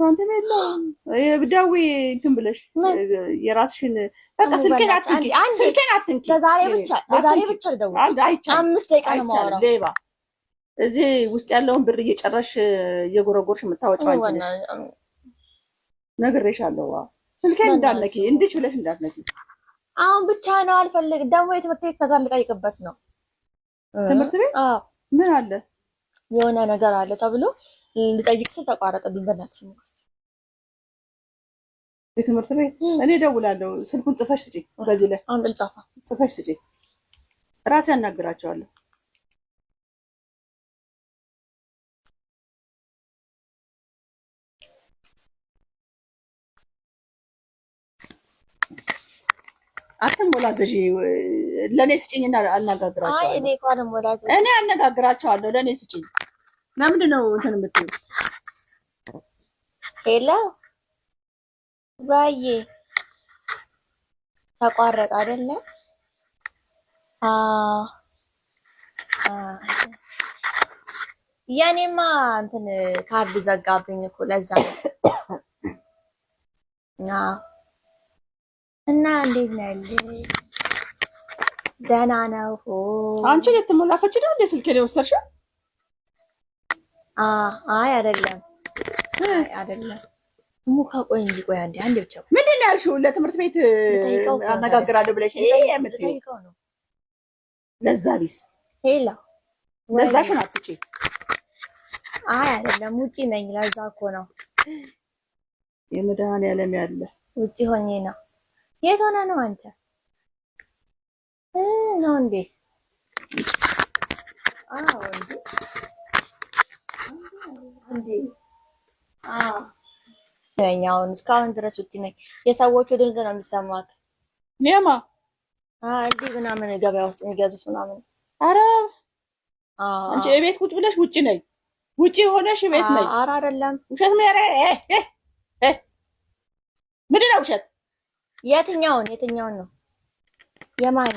ሳንቲም የለውም። ደዊ እንትን ብለሽ የራስሽን በቃ ስልኬን አትንኪ፣ ስልኬን አትንኪ። ለዛሬ ብቻ ለዛሬ ብቻ ደው አምስት ደቂቃ ነው የማወራው። ሌባ እዚህ ውስጥ ያለውን ብር እየጨረሽ እየጎረጎርሽ የምታወጪው አንቺ ነሽ። ነግሬሻለሁ። ስልኬን እንዳትነኪ፣ እንድች ብለሽ እንዳትነኪ። አሁን ብቻ ነው አልፈልግ። ደግሞ የትምህርት ቤት ነገር ልጠይቅበት ነው። ትምህርት ቤት ምን አለ? የሆነ ነገር አለ ተብሎ ልጠይቅ ስል ተቋረጠብኝ። በእናትሽ ሞክስ የትምህርት ቤት እኔ እደውላለሁ። ስልኩን ጽፈሽ ስጪ። በዚህ ላይ አንድ ልጻፋ ጽፈሽ ስጪ። ራሴ ያናግራቸዋለሁ። አትም ወላዘዥ ለእኔ እና አናጋግራቸዋለሁ። እኔ አነጋግራቸዋለሁ። ለእኔ ስጪኝ ለምንድን ነው እንትን የምትይው? ሄሎ ባዬ ተቋረጠ አይደለ? የእኔማ እንትን ካርድ ዘጋብኝ እኮ ለዛ ነው። እና እንዴት ነህ? ደህና ነው። አንቺ ልትሞላፈች ነው እንደ ስልክ ነው የወሰድሽው አይ አይደለም፣ አይደለም ሙካ ቆይ እንጂ ቆይ አንዴ አንዴ ብቻ ምንድን ነው ያልሽው? ለትምህርት ቤት አነጋግራለሁ ብለሽ የምትይው ለዛ ቢስ ሄላ ለዛሽን አትጪ። አይ አይደለም ውጪ ነኝ። ለዛ እኮ ነው የመድኃኒዓለም ያለ ውጪ ሆኜ ነው። የት ሆነ ነው አንተ ነው እንዴ? አዎ እንዴ አሁን እስካሁን ድረስ ውጪ ነኝ። የሰዎቹ ድምፅ ነው የሚሰማት ሌማ እንዲህ ምናምን ገበያ ውስጥ የሚገዙት ምናምን። አረ አንቺ እቤት ቁጭ ብለሽ ውጭ ነኝ፣ ውጪ ሆነሽ እቤት ነኝ። አረ አይደለም፣ ውሸት ምን ምንድን ነው ውሸት? የትኛውን የትኛውን ነው የማን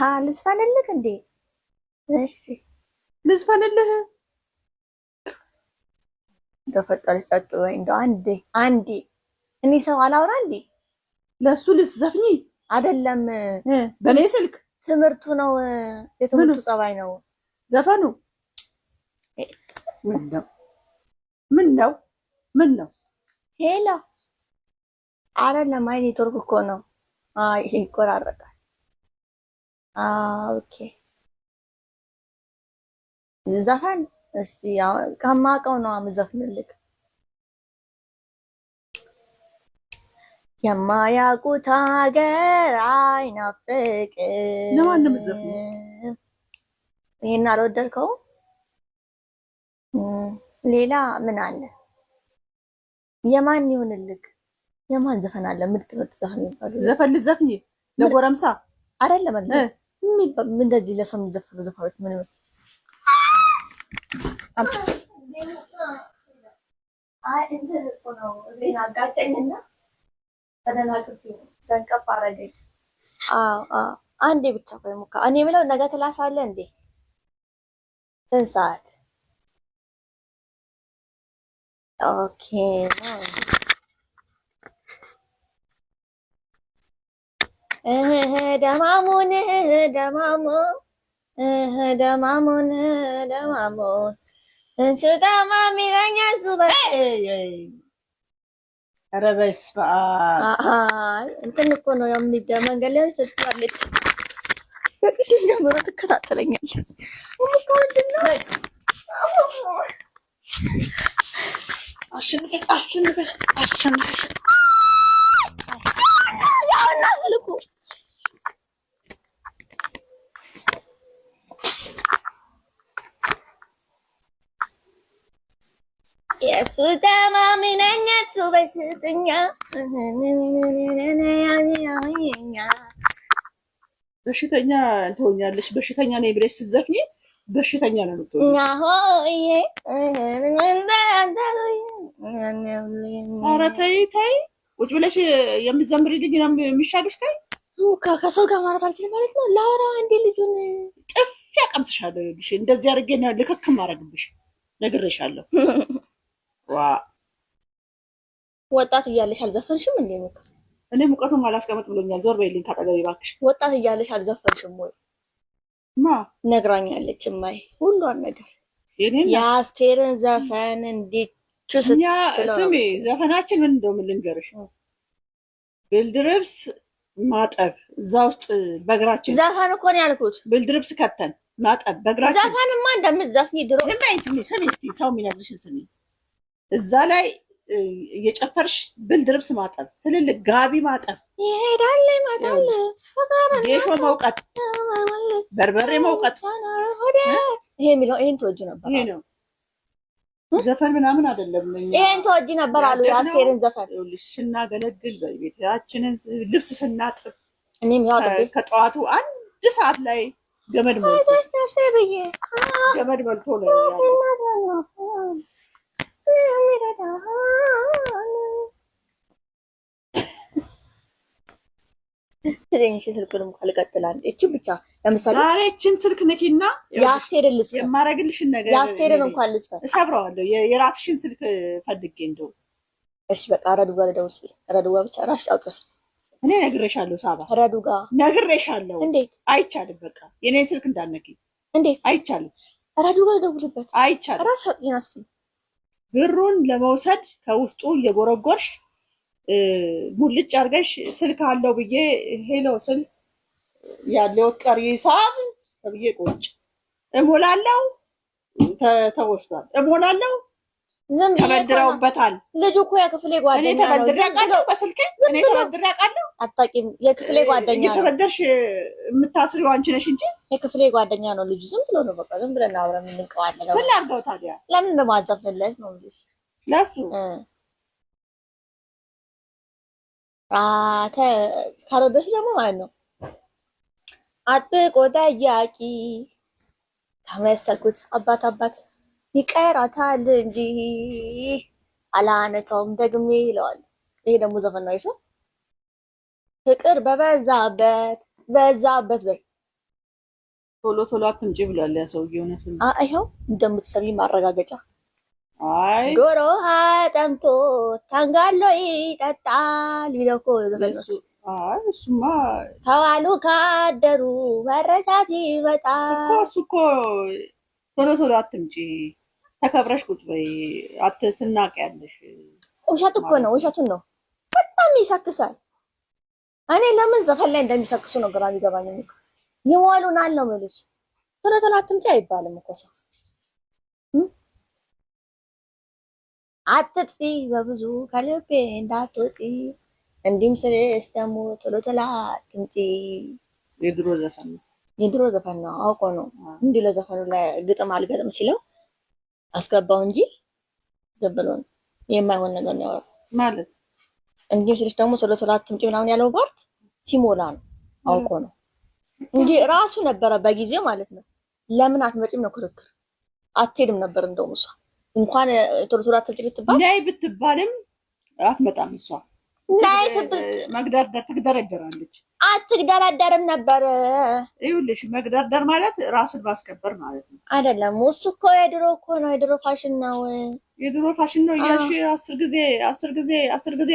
ሀ እንዴ? እሺ ልዝፈንልህ እንደፈጠረቻቸው ወይ እንደ አንዴ አንዴ እኔ ሰው አላውራ እንዴ ለሱ ዘፍኝ አይደለም። በኔ ስልክ ትምህርቱ ነው የትምህርቱ ጸባይ ነው ዘፈኑ። ምን ነው ምን ነው ምን ነው? ሄሎ አይደለም። አይ ኔትወርክ እኮ ነው። አይ ይቆራረጣል። ኦኬ ዘፈን እስቲ ከማውቀው ነው የምዘፍንልክ። የማያውቁት ሀገር አይናፍቅ። ለማን ነው ምዘፍን? ይሄን አልወደድከውም? ሌላ ምን አለ? የማን ይሁንልክ? የማን ዘፈን አለ? ምርጥ ምርጥ ዘፈን ይባል ዘፈን ልዘፍኝ ለጎረምሳ አይደለም። እንዴ? እንደዚህ ለሰው የሚዘፈኑ ዘፈኖች ምን ይመስል አንዴ ብቻ ቆይ ሙካ እኔ የምለው ነገ ክላስ አለ እንዴ? ስንት ሰዓት? ኦኬ ደማሙን ደማሙ ደማሙን ደማሙን እንችዳ ማሚ ለኛ ሱባኤ ኧረ በስመ አብ እንትን እኮ ነው ያው መንገድ ላይ ስትዋለች በቅድም ጀምሮ ትከታተለኛለች። አሸንፈሽ አሸንፈሽ አሸንፈሽ 수다마미는 야수발 수등야 በሽተኛ ትሆኛለሽ፣ በሽተኛ ነኝ ብለሽ ስትዘፍኚ በሽተኛ ነው የምትሆኚው። ኧረ ተይ ተይ፣ ቁጭ ብለሽ የምትዘምሪልኝ ነው የሚሻልሽ። ተይ ከሰው ጋር ማውራት አልችልም ማለት ነው። ላውራ አንዴ ልጁን ጥፊ አቀምስሻለሁ። ይኸውልሽ እንደዚህ አድርጌ ልክክ ማረግብሽ ነግሬሻለሁ። ወጣት እያለሽ አልዘፈንሽም እንዴ? ሙቅ እኔ ሙቀቱም አላስቀምጥ ብሎኛል። ዞር በይልኝ ካጠገቤ እባክሽ። ወጣት እያለሽ አልዘፈንሽም ወይ? ማ ነግራኛለች ማይ ሁሏን ነገር የአስቴርን ዘፈን እኛ ስሜ ዘፈናችን ምን እንደው ምን ልንገርሽ፣ ብልድርብስ ማጠብ እዛ ውስጥ በእግራችን ዘፈን እኮ ነው ያልኩት። ብልድርብስ ከተን ማጠብ በእግራችን ዘፈንማ እንደምትዘፍኝ ድሮ ስሚ ስሚ ስሚ፣ ሰው የሚነግርሽን ስሚ እዛ ላይ የጨፈርሽ ብል ድርብስ ማጠብ፣ ትልልቅ ጋቢ ማጠብ፣ ይሄዳል ማጠብ፣ ጌሾ መውቀጥ፣ በርበሬ መውቀጥ። ይሄ የሚለው ይሄን ትወጂ ነበር ነው ዘፈን ምናምን አይደለም። ይሄን ተወጂ ነበር አሉ የአስቴርን ዘፈን ስናገለግል ልብስ ስናጥብ እኔም ያው ከጠዋቱ አንድ ሰዓት ላይ ገመድ መልቶ ገመድ መልቶ ነው ትንሽ ስልክንም ካልቀጥላል እቺ ብቻ ለምሳሌ ዛሬ እችን ስልክ ንኪና የአስቴርን ልጽፈ የማረግልሽን ነገር የአስቴርን እንኳን ልጽፈ እሰብረዋለሁ። የራስሽን ስልክ ፈልጌ እንደው እሺ፣ በቃ ረዱጋ ልደውል ሲል ረዱጋ ብቻ ራስሽ አውጥስ እኔ ነግሬሻለሁ። ሳባ ረዱጋ ነግሬሻለሁ። እንዴት አይቻልም። በቃ የኔን ስልክ እንዳነኪ እንዴት አይቻልም። ረዱጋ ልደውልበት አይቻልም። ራስ ብሩን ለመውሰድ ከውስጡ እየጎረጎርሽ ሙልጭ አድርገሽ ስልክ አለው ብዬ ሄሎ ስል ያለው ቀሪ ሂሳብ ብዬ ቁጭ እሞላለው ተወስዷል። እሞላለው ዝም ብዬ ተበድረውበታል። ልጁ እኮ የክፍሌ ጓደኛ ነው። እኔ ተበድሬ አውቃለሁ፣ በስልኬ እኔ ተበድሬ አውቃለሁ። አታውቂም? የክፍሌ ጓደኛ ነው። እየተበደርሽ የምታስሪው አንቺ ነሽ እንጂ የክፍሌ ጓደኛ ነው ልጁ። ዝም ብሎ ነው በቃ፣ ዝም ብለን አብረን እንቀዋለን። ምን ላድርገው ታዲያ? ለምን ነው የማዘፍንለት ነው እንጂ ለሱ ካልወደድሽ ደግሞ ማለት ነው አጥብቆ ጠያቂ ከመሰልኩት አባት አባት ይቀራታል እንጂ አላነሳውም ደግሜ ይለዋል። ይሄ ደግሞ ዘፈን ነው። ፍቅር በበዛበት በዛበት በይ ቶሎ ቶሎ አትምጪ ብሏል ያ ሰውዬ። እውነት ይኸው እንደምትሰሚ ማረጋገጫ ዶሮ ውሃ ጠምቶ ታንጋሎ ይጠጣል ቢለው እኮ ዘፈኖች እሱማ ከዋሉ ካደሩ መረሳት ይመጣል እኮ እሱ እኮ ቶሎ ቶሎ አትምጪ፣ ተከብረሽ ቁጭ በይ። ውሸት እኮ ነው፣ ውሸቱን ነው። በጣም ይሰክሳል። እኔ ለምን ዘፈን ላይ እንደሚሰክሱ ነው ግራ የሚገባኝ። ነው የምልሽ። ቶሎ ቶሎ አትምጪ አይባልም እኮ ሰው አትጥፊ በብዙ ከልቤ እንዳትወጪ እንዲም ስልሽ ደግሞ ጥሎ ቶሎ አትምጪ። የድሮ ዘፈን ነው የድሮ ዘፈን ነው አውቆ ነው እንዲ ለዘፈኑ ላይ ግጥም አልገጥም ሲለው አስገባው እንጂ ዝም ብሎ ነው የማይሆን ነገር ነው ያወራው። ማለት እንዲም ስልሽ ደግሞ ጥሎ ቶሎ አትምጪ ምናምን ያለው ባርት ሲሞላ ነው አውቆ ነው እንጂ ራሱ ነበረ በጊዜው ማለት ነው። ለምን አትመጪም ነው ክርክር። አትሄድም ነበር እንደውም እሷ እንኳን ቶሎቶሎ አትምጪ ልትባል ናይ ብትባልም አትመጣም። እሷ ነይ መግደርደር ትግደረደራለች። አትግደረደርም ነበር። ይኸውልሽ መግደርደር ማለት ራስን ማስከበር ማለት ነው። አይደለም እሱ እኮ የድሮ እኮ ነው። የድሮ ፋሽን ነው። የድሮ ፋሽን ነው እያልሽ አስር ጊዜ አስር ጊዜ አስር ጊዜ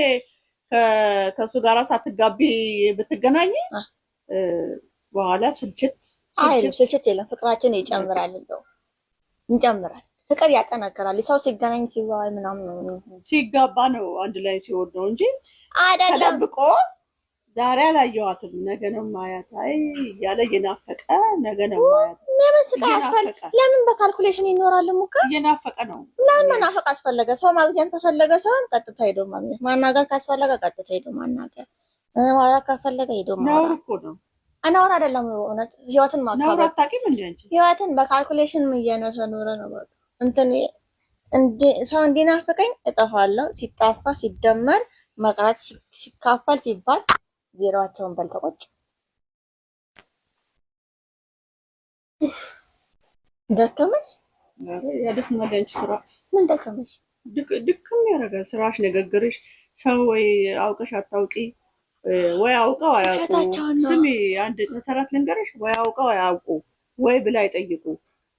ከእሱ ጋር ሳትጋቢ ብትገናኝ በኋላ ስልችት አይልም። ስልችት የለም። ፍቅራችን ይጨምራል፣ እንደው ይጨምራል ፍቅር ያጠናክራል። ሰው ሲገናኝ ሲዋይ ምናምን ሲጋባ ነው አንድ ላይ ሲወድ ነው እንጂ ተደብቆ ዛሬ አላየኋትም ነገ ነው ማያት አይ እያለ እየናፈቀ ነገ ነው ማያት ለምን ስቃ ያስፈል ለምን በካልኩሌሽን ይኖራል ሙካ እየናፈቀ ነው። ለምን መናፈቅ አስፈለገ? ሰው ማግኘት ከፈለገ ሰውን ቀጥታ ሄዶ ማግኘት፣ ማናገር ካስፈለገ ቀጥታ ሄዶ ማናገር፣ ማውራት ካፈለገ ሄዶ ማውራት እኮ ነው። አናወራ አይደለም እውነት ህይወትን ማካበት ህይወትን በካልኩሌሽን እየነሰ ኖረ ነው በቃ እንትን ሰው እንዲናፍቀኝ እጠፋለሁ። ሲጣፋ ሲደመር መቅረት ሲካፈል ሲባል ዜሮዋቸውን በልተቆጭ ደከመሽ ያደክመደንች ምን ደከመሽ? ድክም ያደርጋል ስራሽ፣ ንግግርሽ ሰው ወይ አውቀሽ አታውቂ ወይ አውቀው አያውቁ። ስሚ አንድ ተረት ልንገርሽ። ወይ አውቀው አያውቁ ወይ ብላ አይጠይቁ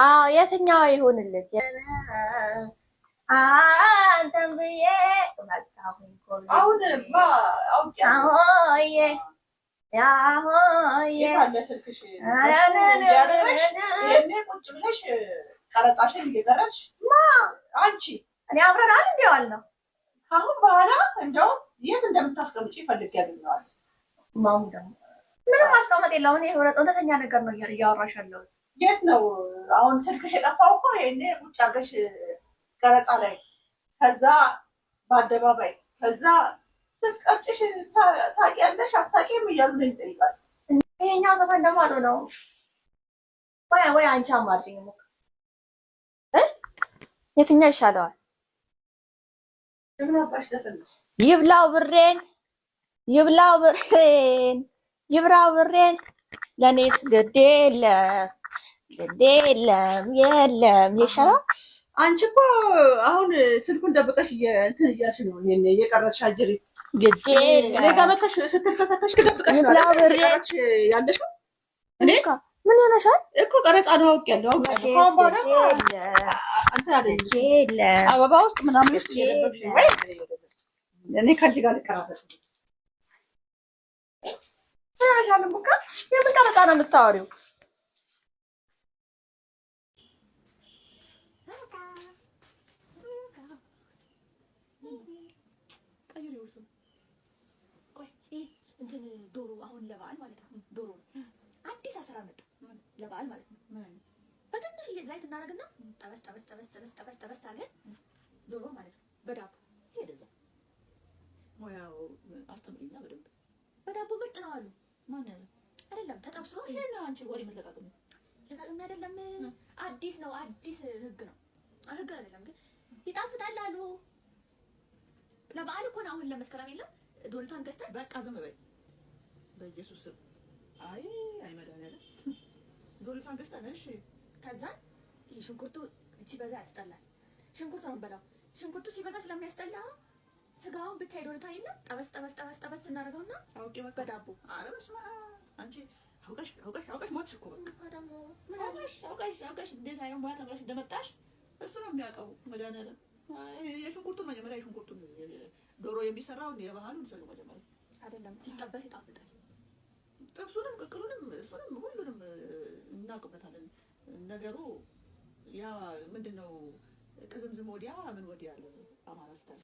አዎ የትኛው ይሁንልህ? አንተን ብዬ ቀረጻሽን እየቀረች አንቺ አብረን አል እንዲዋል ነው። አሁን በኋላ እንደው የት እንደምታስቀምጪ ፈልግ ያገኘዋል። ምንም ማስቀመጥ የለውም። እውነተኛ ነገር ነው እያወራሽ ያለሁት የት ነው አሁን ስልክሽ የጠፋው? እኮ ይሄኔ ቁጭ አድርገሽ ቀረጻ ላይ ከዛ በአደባባይ ከዛ ስትቀርጭሽ ታውቂያለሽ አታውቂም እያሉ ነው ይጠይቃል። ይሄኛው ዘፈን ደግሞ አሉ ነው ወይ ወይ አንቺ አማርኝ ሙክ የትኛው ይሻለዋል? ይብላው ብሬን ይብላው ብሬን ይብራው ብሬን ለእኔስ ግድ የለም የለም የለም የሸራ አንቺ እኮ አሁን ስልኩን ደብቀሽ እንትን እያልሽ ነው የቀረሽ አጀሪ ግዴ ጋ መጥተሽ ስትልፈሰፈሽ ደብቀሽ ቀረች እኔ ምን ይሆነሻል እኮ ቀረጻ ነው አበባ ውስጥ ምናምን ውስጥ እኔ ከአንቺ ጋር ልከራከር ይሆነሻል። የምን ቀረጻ ነው የምታወሪው? ዶሮ አሁን ለበዓል ማለት ነው። ዶሮ አዲስ አሰራ መጣ ለበዓል ማለት ነው። በትንሽ ዘይት እናደርግና ጠበስ ጠበስ ጠበስ ጠበስ ጠበስ ጠበስ አድርገን ዶሮ ማለት ነው በዳቦ ይሄደዛ ሙያው አስተምሪኛ በደንብ በዳቦ ምርጥ ነው አሉ። ማን አይደለም ተጠብሶ ይሄ ነው። አንቺ ወሬ መለቃቅም ለቃቀም አይደለም። አዲስ ነው አዲስ ህግ ነው ህግ አይደለም ግን ይጣፍጣል አሉ። ለበዓል እኮ ነው አሁን ለመስከረም የለም ዶሪቷን ገዝተን በቃ ዝም በይ በኢየሱስ ስም አይ አይመዳን ያለ ዶሪቷን ገዝተን እሺ። ከዛ ሽንኩርቱ ሲበዛ ያስጠላል። ሽንኩርት ነው በላው። ሽንኩርቱ ሲበዛ ስለሚያስጠላ ስጋውን ብቻ የዶሪቷ የለም ጠበስ ጠበስ ጠበስ ጠበስ እናደርገውና አውቄ በቃ ዳቦ። ኧረ በስመ አብ አንቺ አውቀሽ አውቀሽ አውቀሽ ሞትሽ እኮ በቃ ደግሞ ምን አውቀሽ አውቀሽ አውቀሽ እንዴት አይሆን በኋላ ተምረሽ እንደመጣሽ እሱ ነው የሚያውቀው መድኃኒዓለም የሽንኩርቱ መጀመሪያ የሽንኩርቱን ዶሮ የሚሰራው የሚሰራውን የባህሉን ሰሉ መጀመሪያ አይደለም ሲጠበስ ይጣፍጣል። ጥብሱንም ቅቅሉንም እሱንም ሁሉንም እናውቅበታለን። ነገሩ ያ ምንድን ነው? ቅዝምዝም ወዲያ ምን ወዲያ አለ አማራ ስታል